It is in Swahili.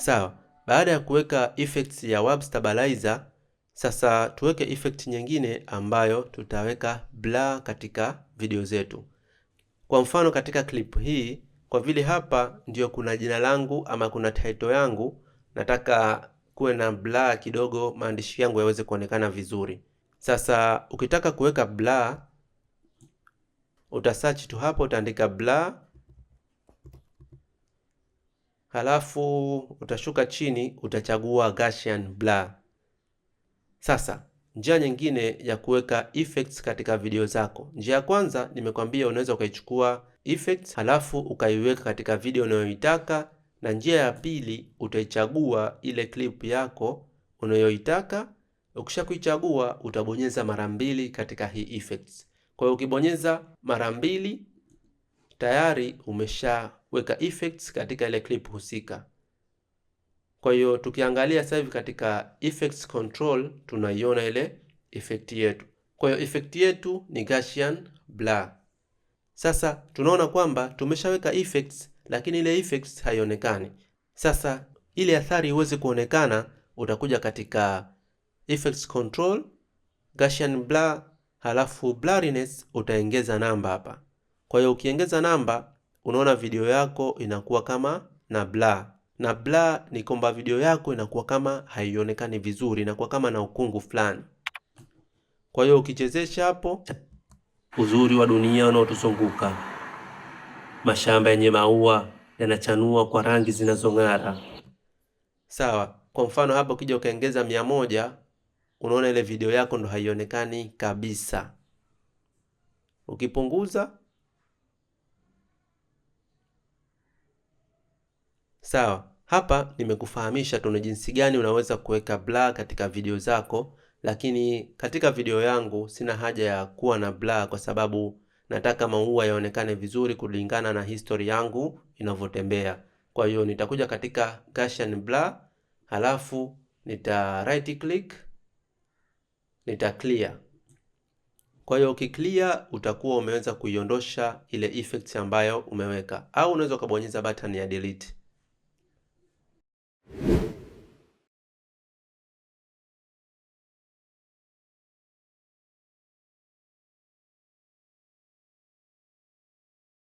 Sawa, baada ya kuweka effects ya web stabilizer, sasa tuweke effect nyingine ambayo tutaweka blur katika video zetu. Kwa mfano katika clip hii, kwa vile hapa ndio kuna jina langu ama kuna title yangu, nataka kuwe na blur kidogo, maandishi yangu yaweze kuonekana vizuri. Sasa ukitaka kuweka blur, utasearch tu hapo, utaandika blur halafu utashuka chini utachagua Gaussian blur. Sasa njia nyingine ya kuweka effects katika video zako, njia ya kwanza nimekwambia, unaweza ukaichukua effects halafu ukaiweka katika video unayoitaka, na njia ya pili utaichagua ile clip yako unayoitaka. ukisha kuichagua utabonyeza mara mbili katika hii effects. Kwa hiyo ukibonyeza mara mbili tayari umesha weka effects katika ile clip husika. Kwa hiyo tukiangalia sasa hivi katika effects control tunaiona ile effect yetu. Kwa hiyo effect yetu ni Gaussian blur. Sasa tunaona kwamba tumeshaweka effects lakini ile effects haionekani. Sasa ile athari iweze kuonekana, utakuja katika effects control, Gaussian blur, halafu blurriness utaongeza namba hapa. Kwa hiyo ukiongeza namba unaona video yako inakuwa kama na blur na blur ni kwamba video yako inakuwa kama haionekani vizuri, inakuwa kama na ukungu fulani. Kwa hiyo ukichezesha hapo, uzuri wa dunia unaotuzunguka, mashamba yenye maua yanachanua kwa rangi zinazong'ara. Sawa, kwa mfano hapo ukija ukaongeza mia moja, unaona ile video yako ndo haionekani kabisa. Ukipunguza Sawa, hapa nimekufahamisha tu ni jinsi gani unaweza kuweka bla katika video zako, lakini katika video yangu sina haja ya kuwa na bla kwa sababu nataka maua yaonekane vizuri kulingana na history yangu inavyotembea. Kwa hiyo nitakuja katika Gaussian blur, halafu nita right click, nita clear. Kwa hiyo ukiclear utakuwa umeweza kuiondosha ile effects ambayo umeweka, au unaweza ukabonyeza button ya delete.